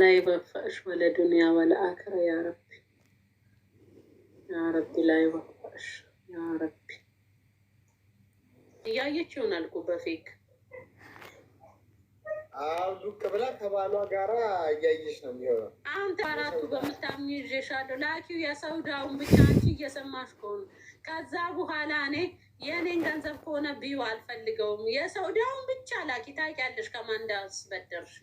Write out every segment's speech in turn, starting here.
ላይ የበፋሽ ወለ ዱንያ ወለ ያ ረቢ ያ ረቢ ላይ በፋሽ ረቢ እያየች ይሆናል እኮ በፌክ ዱቅ ብላ ከባሏ ጋራ እያየች ነው የሚሆነው። አሁን ተራቱ በምታምኝ ይዤሻለሁ ላኪው የሰውዳውን ብቻ አንቺ እየሰማሽ ከሆኑ ከዛ በኋላ እኔ የእኔን ገንዘብ ከሆነ ቢዩ አልፈልገውም። የሰውዳውን ብቻ ላኪ። ታውቂያለሽ ከማን እንዳስበደርሽ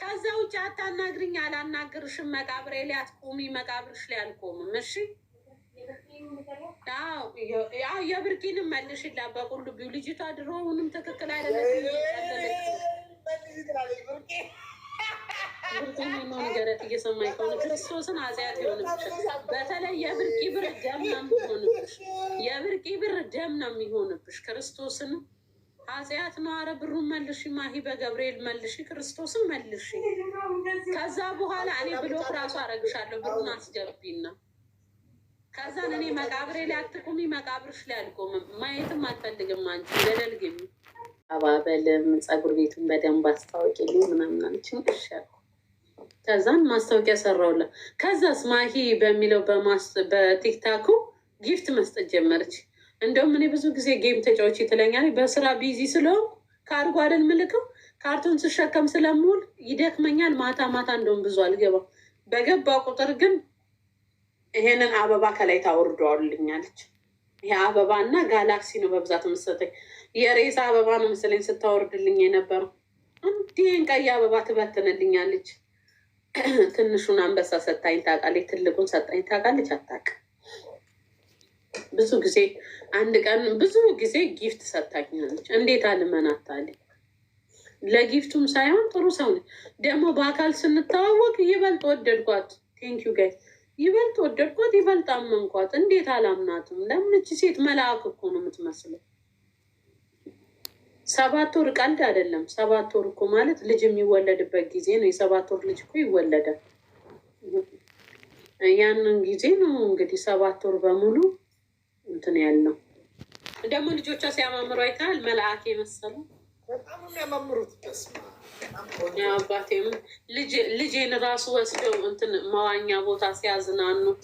ከዛ ውጭ አታናግርኝ፣ አላናግርሽም። መቃብሬ ላይ አትቆሚ፣ መቃብርሽ ላይ አልቆምም። እሺ የብርኪንም መልሽላ በቁሉ ቢው ልጅቷ ድሮ ድሮውንም ትክክል አይደለች። ብርኪን ነገረት እየሰማኝ ከሆነ ክርስቶስን አዚያት ይሆንብሻል። በተለይ የብርቂ ብር ደም ነው የሚሆንብሽ። የብርቂ ብር ደም ነው የሚሆንብሽ ክርስቶስን ኃጢአት ነው። አረ ብሩን መልሽ፣ ማሂ በገብርኤል መልሽ፣ ክርስቶስን መልሽ። ከዛ በኋላ እኔ ብሎክ ራሱ አረግሻለሁ። ብሩን አስገቢና ከዛን እኔ መቃብሬ ላይ አትቁሚ፣ መቃብርሽ ላይ አልቆምም። ማየትም አልፈልግም። አንቺ ገደል ግቢ አባበልም ፀጉር ቤቱን በደንብ አስታወቂልኝ ምናምን አለችኝ። እሺ ያልኩ። ከዛን ማስታወቂያ ሰራውላ። ከዛስ ማሂ በሚለው በቲክታኩ ጊፍት መስጠት ጀመረች። እንደውም እኔ ብዙ ጊዜ ጌም ተጫዎች ትለኛል። በስራ ቢዚ ስለው ከአርጎ አይደል ምልክም ካርቶን ስሸከም ስለምውል ይደክመኛል። ማታ ማታ እንደውም ብዙ አልገባም። በገባ ቁጥር ግን ይሄንን አበባ ከላይ ታወርደዋልኛለች። ይሄ አበባ እና ጋላክሲ ነው በብዛት የምትሰጠኝ። የሬሳ አበባ ነው ምስለኝ ስታወርድልኝ የነበረው። እንዲህን ቀይ አበባ ትበትንልኛለች። ትንሹን አንበሳ ሰጣኝ ታውቃለች፣ ትልቁን ሰጣኝ ታውቃለች። አታውቅም ብዙ ጊዜ አንድ ቀን ብዙ ጊዜ ጊፍት ሰታኛለች። እንዴት አልመናታል? ለጊፍቱም ሳይሆን ጥሩ ሰው ነች። ደግሞ በአካል ስንተዋወቅ ይበልጥ ወደድኳት። ቴንክ ጋይ ይበልጥ ወደድኳት፣ ይበልጥ አመንኳት። እንዴት አላምናትም? ለምንች ሴት መልአክ እኮ ነው የምትመስለው። ሰባት ወር ቀልድ አይደለም። ሰባት ወር እኮ ማለት ልጅ የሚወለድበት ጊዜ ነው። የሰባት ወር ልጅ እኮ ይወለዳል። ያንን ጊዜ ነው እንግዲህ ሰባት ወር በሙሉ እንትን ያልነው ደግሞ ልጆቿ ሲያማምሩ አይተሃል። መልአክ የመሰሉ በጣም የሚያማምሩት አባቴም ልጄን ራሱ ወስደው እንትን መዋኛ ቦታ ሲያዝናኑት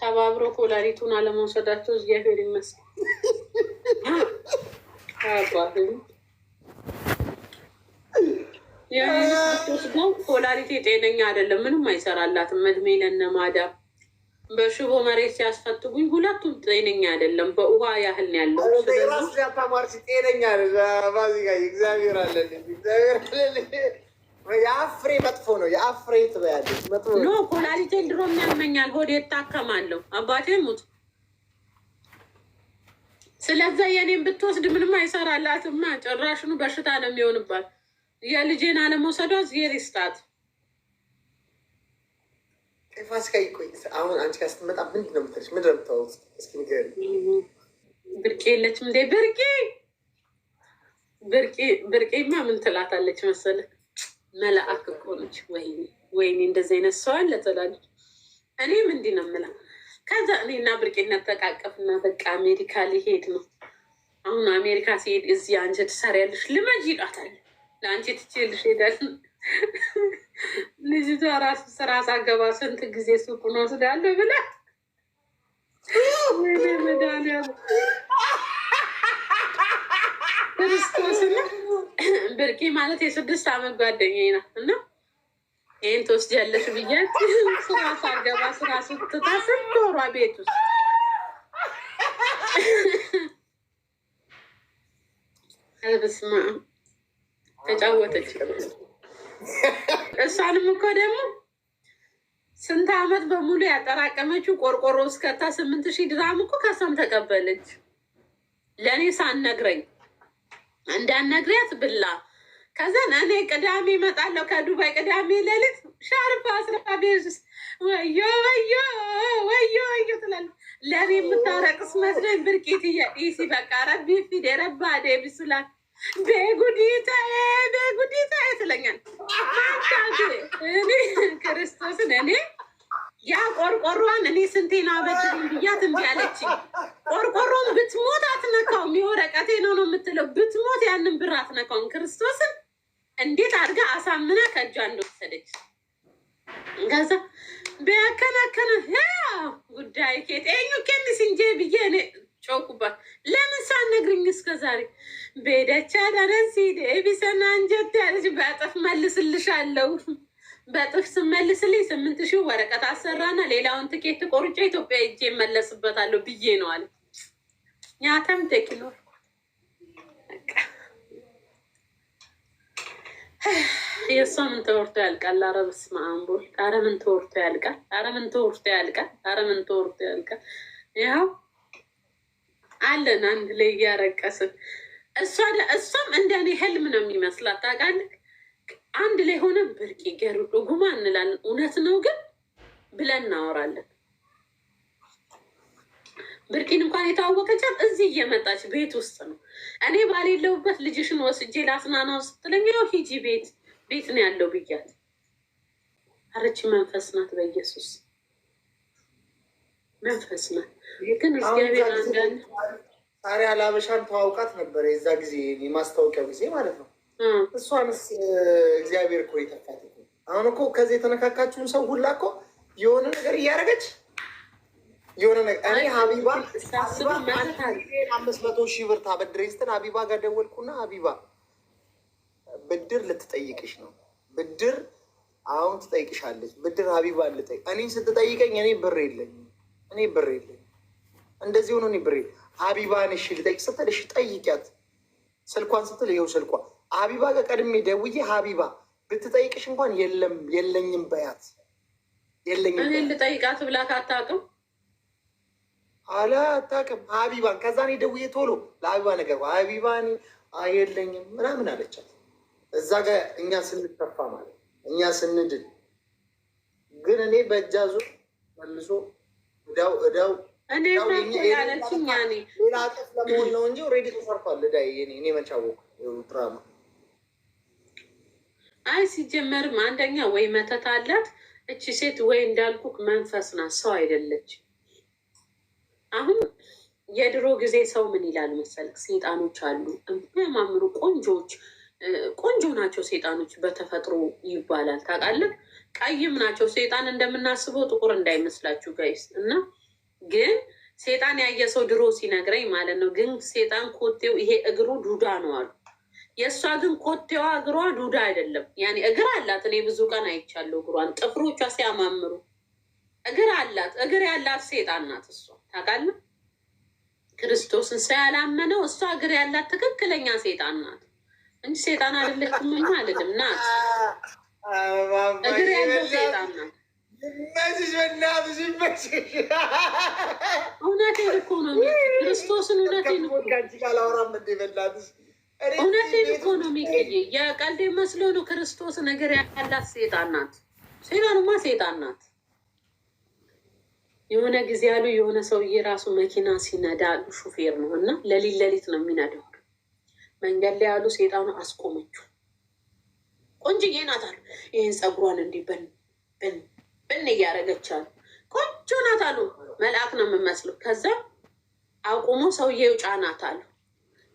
ተባብሮ ኮላሪቱን አለመውሰዳቸው እግዚአብሔር ይመስል አባቴም ወስዶ ኮላሪቴ ጤነኛ አይደለም፣ ምንም አይሰራላትም። እድሜ ለነማዳም በሽቦ መሬት ሲያስፈትጉኝ ሁለቱም ጤነኛ አይደለም። በውሃ ያህል ያለው ራስ ያታማርች ጤነኛ ዚጋ እግዚአብሔር አለን እግዚአብሔር የአፍሬ መጥፎ ነው። የአፍሬ ትበያለች መጥፎ ነው። ኮላሊቴን ድሮ የሚያመኛል፣ ሆድ የታከማለሁ። አባቴ ሙት። ስለዛ የኔን ብትወስድ ምንም አይሰራላትማ። ጭራሽኑ በሽታ ነው የሚሆንባት። የልጄን አለመውሰዷ ዜር ይስጣት። ፋሲካ ይቆይ። አሁን አንቺ ጋር ስትመጣ ምንድን ነው የምትልሽ? ምንድን ነው የምታወሩት? እስኪ ንገሪኝ። ብርቄ የለችም እንዴ? ብርቄ ብርቄ ብርቄማ ምን ትላታለች መሰለህ? መላእክ እኮ ነች። ወይኔ ወይኔ እንደዚህ አይነት ሰው አለ ትላለች። እኔም እንዲህ ነው የምለው። ከዛ እኔና ብርቄ እናተቃቀፍና በቃ አሜሪካ ሊሄድ ነው አሁን አሜሪካ ሲሄድ እዚህ አንቺ ትሰሪያለሽ ልመጅ ይላታል። ለአንቺ ትችልሽ ሄዳል ልጅቷ ራሱ ስራ ሳገባ ስንት ጊዜ ሱቁን ወስዳለሁ ብላ መድኃኒዓለም ክርስቶስና ብርቂ ማለት የስድስት አመት ጓደኛዬ ናት እና ይህን ትወስጃለሽ ብያት ስራ ሳገባ ስራ ስትታ ስንት ወሯ ቤት ውስጥ አልብስማ ተጫወተች። እሷንም እኮ ደግሞ ስንት አመት በሙሉ ያጠራቀመችው ቆርቆሮ እስከታ ስምንት ሺህ ድራም እኮ ከሷም ተቀበለች። ለእኔ ሳነግረኝ እንዳነግሪያት ብላ ከዛን እኔ ቅዳሜ እመጣለሁ ከዱባይ ቅዳሜ ሌሊት ሻርፕ አስራ ቤዝ ወዮ ወዮ ወዮ ወዮ ትላለ። ለእኔ የምታረቅስ መስሎኝ ብርቂት እየጢሲ በቃ ረቢ ፊዴ ረባ ዴ በጉዲታ በጉዲታ ትለኛል። እኔ ክርስቶስን እኔ ያ ቆርቆሮዋን እኔ ስንቴና በድር ብያት እምቢ አለች። ቆርቆሮን ብትሞት አትነካውም። የወረቀቴ ነው ነው የምትለው። ብትሞት ያንን ብር አትነካውም። ክርስቶስን እንዴት አድርጋ አሳምና ከእጇ እንደወሰደች ገዛ በያከናከነ ጉዳይ ኬጤኙ ኬሚስ እንጄ ብዬ እኔ ጮኩባት። ለምን ሳትነግሪኝ እስከ ዛሬ ቤደቻ ደረሲ ቢሰና እንጀት ያለች በእጥፍ መልስልሻለሁ። በእጥፍ ስመልስልኝ ስምንት ሺህ ወረቀት አሰራና ሌላውን ትኬት ቆርጬ ኢትዮጵያ ሂጄ እመለስበታለሁ ብዬ ነው አለ ኛተም ተኪኖ የእሷ ምን ተወርቶ ያልቃል? አረ በስመ አብ አረ ምን ተወርቶ ያልቃል? አረ ምን ተወርቶ ያልቃል? አረ ምን ተወርቶ ያልቃል? ያው አለን አንድ ላይ እያረቀስን እሷም እንደኔ ህልም ነው የሚመስላት ታውቃለህ። አንድ ላይ ሆነ ብርቅ ገሩ ጉማ እንላለን። እውነት ነው ግን ብለን እናወራለን። ብርቂን እንኳን የተዋወቀቻት እዚህ እየመጣች ቤት ውስጥ ነው። እኔ ባሌለውበት ልጅሽን ወስጄ ላስናናው ስትለኝ ያው ሂጂ ቤት ቤት ነው ያለው ብያት። አረች መንፈስ ናት በኢየሱስ መንፈስ ነው። ግን እግዚአብሔር አንዳንድ ታዲያ ላበሻን ተዋውቃት ነበረ የዛ ጊዜ የማስታወቂያው ጊዜ ማለት ነው። እሷንስ እግዚአብሔር እኮ የተካት አሁን እኮ ከዚ የተነካካችሁን ሰው ሁላ እኮ የሆነ ነገር እያደረገች የሆነ ነገር እኔ ሀቢባ አምስት መቶ ሺህ ብር ታበድረኝ ስትል ሀቢባ ጋር ደወልኩና ሀቢባ ብድር ልትጠይቅሽ ነው ብድር አሁን ትጠይቅሻለች ብድር ሀቢባ ልጠይቅ እኔ ስትጠይቀኝ እኔ ብር የለኝም እኔ ብር የለኝም። እንደዚህ ሆኖ እኔ ብር የለኝም። ሀቢባን እሺ ልጠይቅ ስትል እሺ ጠይቂያት፣ ስልኳን ስትል ይኸው ስልኳ ሀቢባ ጋር ቀድሜ ደውዬ ሀቢባ ብትጠይቅሽ እንኳን የለም የለኝም በያት የለኝም። እኔ ልጠይቃት ብላ አታውቅም አለ አታውቅም ሀቢባን። ከዛ እኔ ደውዬ ቶሎ ለሀቢባ ነገር ሀቢባ የለኝም ምናምን አለቻት። እዛ ጋር እኛ ስንተፋ ማለት እኛ ስንድን ግን እኔ በእጃ ዙር መልሶ እዳው እዳው አይ ሲጀመርም አንደኛ ወይ መተት አላት እቺ ሴት ወይ እንዳልኩክ መንፈስ ናት፣ ሰው አይደለች። አሁን የድሮ ጊዜ ሰው ምን ይላል መሰለክ፣ ሰይጣኖች አሉ የሚያማምሩ ቆንጆዎች ቆንጆ ናቸው ሴጣኖች በተፈጥሮ ይባላል ታውቃለህ። ቀይም ናቸው ሴጣን እንደምናስበው ጥቁር እንዳይመስላችሁ ጋይስ። እና ግን ሴጣን ያየ ሰው ድሮ ሲነግረኝ ማለት ነው። ግን ሴጣን ኮቴው ይሄ እግሩ ዱዳ ነው አሉ። የእሷ ግን ኮቴዋ እግሯ ዱዳ አይደለም። ያኔ እግር አላት። እኔ ብዙ ቀን አይቻለሁ እግሯን፣ ጥፍሮቿ ሲያማምሩ እግር አላት። እግር ያላት ሴጣን ናት እሷ ታውቃለህ። ክርስቶስን ሳያላመነው እሷ እግር ያላት ትክክለኛ ሴጣን ናት። እንጂ ሴጣን አይደለችም አልልም። ናት እግር ያለው ሴጣን ናት። ይመችሽ በእናትሽ ይመችሽ። እውነቴን እኮ ነው ክርስቶስን፣ እውነቴን እኮ ካላወራም እውነቴን እኮ ነው የሚገኝ። የቀልዴ መስሎ ነው ክርስቶስ ነገር ያላት ሴጣን ናት። ሴጣንማ ሴጣን ናት። የሆነ ጊዜ ያሉ የሆነ ሰውዬ ራሱ መኪና ሲነዳ ሹፌር ነው እና ለሊት ለሊት ነው የሚነዳው መንገድ ላይ ያሉ ሴጣኑ አስቆመችው። ቆንጅዬ ናት አሉ። ይህን ፀጉሯን እንዲህ ብን ብን ብን እያደረገች አሉ። ቆንጆ ናት አሉ። መልአክ ነው የምመስለው። ከዛ አቁሞ ሰውዬው ጫናት አሉ።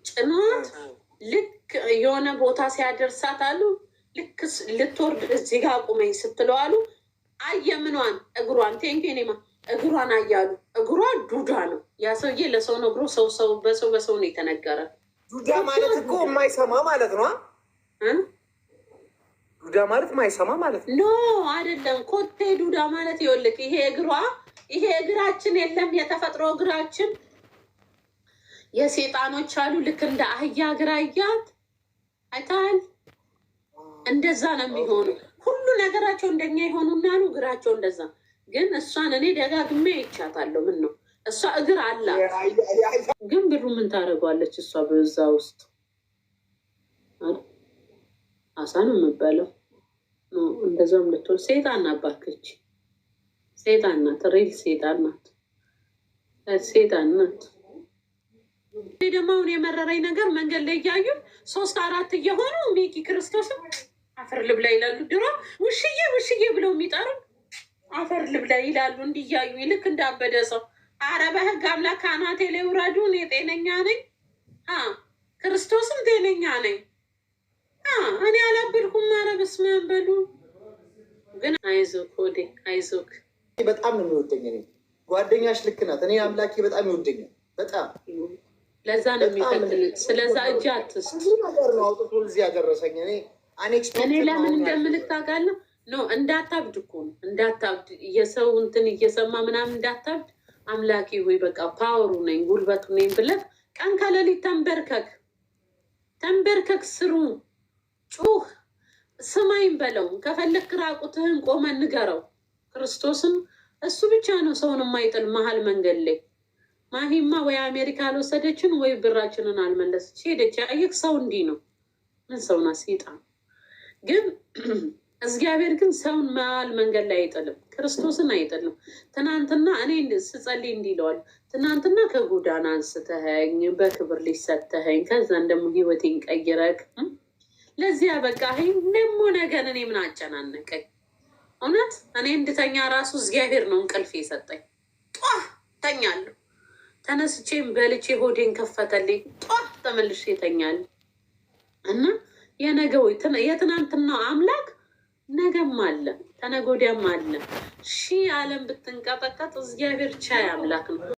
ጭናት ልክ የሆነ ቦታ ሲያደርሳት አሉ። ልክ ልትወርድ እዚህ ጋር አቁመኝ ስትለው አሉ። አየ ምኗን እግሯን ቴንኬኔማ እግሯን አያሉ። እግሯ ዱዳ ነው። ያ ሰውዬ ለሰው ነግሮ ሰው ሰው በሰው በሰው ነው የተነገረ ዱዳ ማለት እኮ የማይሰማ ማለት ነው። ዱዳ ማለት ማይሰማ ማለት ነው። ኖ አይደለም። ኮቴ ዱዳ ማለት ይኸውልህ፣ ይሄ እግሯ ይሄ እግራችን የለም የተፈጥሮ እግራችን የሴጣኖች አሉ። ልክ እንደ አህያ እግር አያት አይታል። እንደዛ ነው የሚሆኑ ሁሉ ነገራቸው እንደኛ የሆኑና ነው እግራቸው እንደዛ። ግን እሷን እኔ ደጋግሜ ይቻታለሁ። ምን ነው እሷ እግር አላት ግን ብሩ ምን ታደርገዋለች እሷ በዛ ውስጥ አሳ ነው የሚባለው። እንደዛም ልትሆን ሴጣን ናት፣ ሴጣን ናት፣ ሬል ሴጣን ናት፣ ሴጣን ናት። ደግሞ አሁን የመረረኝ ነገር መንገድ ላይ እያዩ ሶስት አራት እየሆኑ ሚኪ ክርስቶስም አፈር ልብላ ይላሉ። ድሮ ውሽዬ ውሽዬ ብለው የሚጠሩ አፈር ልብላ ይላሉ እንዲያዩ ልክ እንዳበደ ሰው አረ በህግ አምላክ አናቴ ላይ ውረዱ። እኔ ጤነኛ ነኝ፣ ክርስቶስም ጤነኛ ነኝ። እኔ አላበድኩም። አረ በስመ አብ በሉ። ግን አይዞክ ወዴ አይዞክ። በጣም ነው የሚወደኝ እኔ ጓደኛሽ ልክ ናት። እኔ አምላኬ በጣም ይወደኛል። በጣም ለዛ ነው የሚፈትል። ስለዛ እጅ አትስጥ ነገር ነው አውጥቶ እዚህ ያደረሰኝ። እኔ እኔ ለምን እንደምልክ ታውቃለህ? ኖ እንዳታብድ እኮ ነው እንዳታብድ፣ የሰው እንትን እየሰማ ምናምን እንዳታብድ አምላኪ ሆይ በቃ ፓወሩ ነኝ ጉልበቱ ነኝ ብለህ ቀን ከሌሊት ተንበርከክ ተንበርከክ ስሩ ጩህ ስማይን በለው። ከፈለክ ራቁትህን ቆመ ንገረው ክርስቶስን። እሱ ብቻ ነው ሰውን የማይጥል መሀል መንገድ ላይ ማሂማ ወይ አሜሪካ አልወሰደችን ወይ ብራችንን አልመለሰች ሄደች። አየክ ሰው እንዲህ ነው። ምን ሰውና ሴጣን ግን እግዚአብሔር ግን ሰውን መዋል መንገድ ላይ አይጥልም፣ ክርስቶስን አይጥልም። ትናንትና እኔ ስጸልይ ይለዋል፣ ትናንትና ከጎዳና አንስተኸኝ በክብር ሊሰተኸኝ ከዛን ደግሞ ህይወቴን ለዚያ በቃ ያበቃኸኝ ደግሞ ነገር እኔ ምን አጨናነቀኝ? እውነት እኔ እንድተኛ ራሱ እግዚአብሔር ነው እንቅልፍ የሰጠኝ። ጧ ተኛለሁ፣ ተነስቼም በልቼ ሆዴን ከፈተልኝ። ጧ ተመልሼ ተኛለሁ እና የነገው የትናንትናው አምላክ ነገም አለ፣ ተነጎዲያም አለ። ሺህ ዓለም ብትንቀጠቀጥ እግዚአብሔር ቻይ አምላክ ነው።